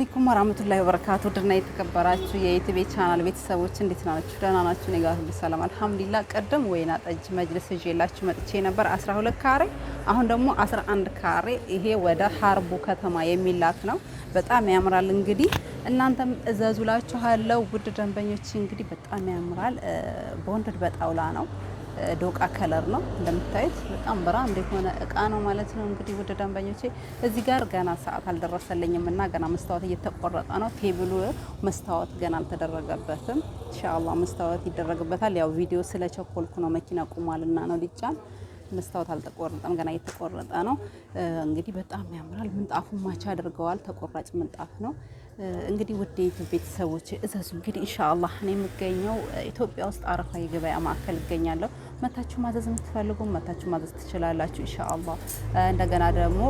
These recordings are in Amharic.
አለይኩም ወራህመቱላሂ ወበረካቱ ድርና የተከበራችሁ የኢቲቪ ቻናል ቤተሰቦች እንዴት ናችሁ? ደህና ናችሁ? እኔ ጋር ሁሉ ሰላም አልሐምዱሊላህ። ቅድም ወይና ጠጅ መጅልስ ይዤላችሁ መጥቼ ነበር 12 ካሬ፣ አሁን ደግሞ 11 ካሬ። ይሄ ወደ ሀርቡ ከተማ የሚላክ ነው። በጣም ያምራል። እንግዲህ እናንተም እዘዙላችኋለሁ ውድ ደንበኞች። እንግዲህ በጣም ያምራል። ቦንድድ በጣውላ ነው ዶቃ ከለር ነው እንደምታዩት፣ በጣም ብራንድ የሆነ እቃ ነው ማለት ነው። እንግዲህ ወደ ደንበኞቼ እዚህ ጋር ገና ሰዓት አልደረሰልኝም እና ገና መስታወት እየተቆረጠ ነው። ቴብሉ መስታወት ገና አልተደረገበትም። ኢንሻአላህ መስታወት ይደረግበታል። ያው ቪዲዮ ስለ ቸኮልኩ ነው መኪና ቁሟልና ነው ሊጫን መስታወት አልተቆረጠም፣ ገና እየተቆረጠ ነው። እንግዲህ በጣም ያምራል። ምንጣፉ ማች አድርገዋል። ተቆራጭ ምንጣፍ ነው። እንግዲህ ውድ የዩቱብ ቤተሰቦች እዘዙ። እንግዲህ ኢንሻአላህ እኔ የምገኘው ኢትዮጵያ ውስጥ አረፋ የገበያ ማዕከል እገኛለሁ። መታችሁ ማዘዝ የምትፈልጉ መታችሁ ማዘዝ ትችላላችሁ ኢንሻአላ እንደገና ደግሞ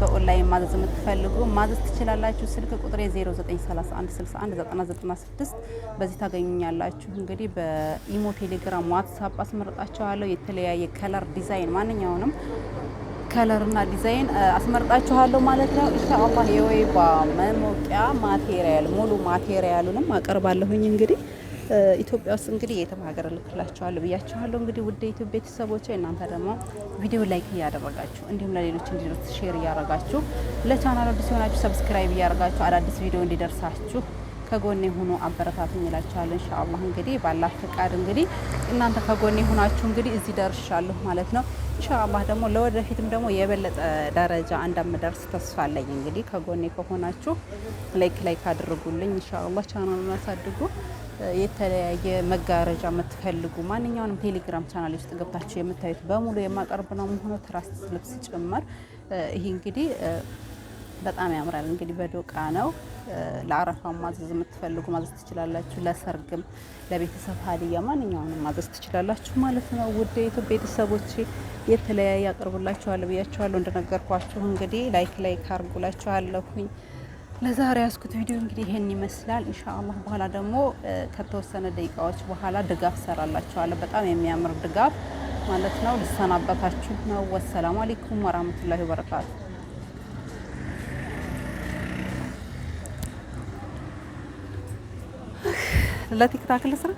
በኦንላይን ማዘዝ የምትፈልጉ ማዘዝ ትችላላችሁ። ስልክ ቁጥሬ 0931619996 በዚህ ታገኙኛላችሁ። እንግዲህ በኢሞ፣ ቴሌግራም፣ ዋትሳፕ አስመርጣችኋለሁ። የተለያየ ከለር ዲዛይን ማንኛውንም ከለርና ዲዛይን አስመርጣችኋለሁ ማለት ነው ኢንሻአላህ። የወይባ መሞቂያ ማቴሪያል ሙሉ ማቴሪያሉንም አቀርባለሁኝ እንግዲህ ኢትዮጵያ ውስጥ እንግዲህ የትም ሀገር እልክላችኋለሁ ብያችኋለሁ። እንግዲህ ውድ ዩቲዩብ ቤተሰቦች እናንተ ደግሞ ቪዲዮ ላይክ እያደረጋችሁ እንዲሁም ለሌሎች እንዲደርስ ሼር እያደረጋችሁ ለቻናል አዲስ የሆናችሁ ሰብስክራይብ እያደረጋችሁ አዳዲስ ቪዲዮ እንዲደርሳችሁ ከጎኔ ሆኖ አበረታቱኝ እላቸዋለሁ። ኢንሻአላህ እንግዲህ ባላህ ፍቃድ እንግዲህ እናንተ ከጎኔ ሆናችሁ እንግዲህ እዚህ ደርሻለሁ ማለት ነው። ኢንሻአላህ ደግሞ ለወደፊትም ደግሞ የበለጠ ደረጃ እንደምደርስ ተስፋ አለኝ። እንግዲህ ከጎኔ ከሆናችሁ ላይክ ላይክ አድርጉልኝ። ኢንሻአላህ ቻናሉን አሳድጉ። የተለያየ መጋረጃ የምትፈልጉ ማንኛውንም ቴሌግራም ቻናል ውስጥ ገብታችሁ የምታዩት በሙሉ የማቀርብ ነው መሆኑ ትራስ ልብስ ጭምር ይህ እንግዲህ በጣም ያምራል። እንግዲህ በዶቃ ነው። ለአረፋ ማዘዝ የምትፈልጉ ማዘዝ ትችላላችሁ። ለሰርግም፣ ለቤተሰብ ሀዲያ ማንኛውንም ማዘዝ ትችላላችሁ ማለት ነው። ውድ የኢትዮ ቤተሰቦች የተለያየ አቅርቡላችኋለሁ ብያችኋለሁ። እንደነገርኳችሁ እንግዲህ ላይክ ላይክ አርጉላችኋለሁኝ። ለዛሬ ያስኩት ቪዲዮ እንግዲህ ይሄን ይመስላል። ኢንሻአላህ በኋላ ደግሞ ከተወሰነ ደቂቃዎች በኋላ ድጋፍ ሰራላችኋለሁ። በጣም የሚያምር ድጋፍ ማለት ነው። ልሰናበታችሁ ነው። ወሰላሙ አለይኩም ወራህመቱላሂ ወበረካቱ ለቲክታክ ልስራ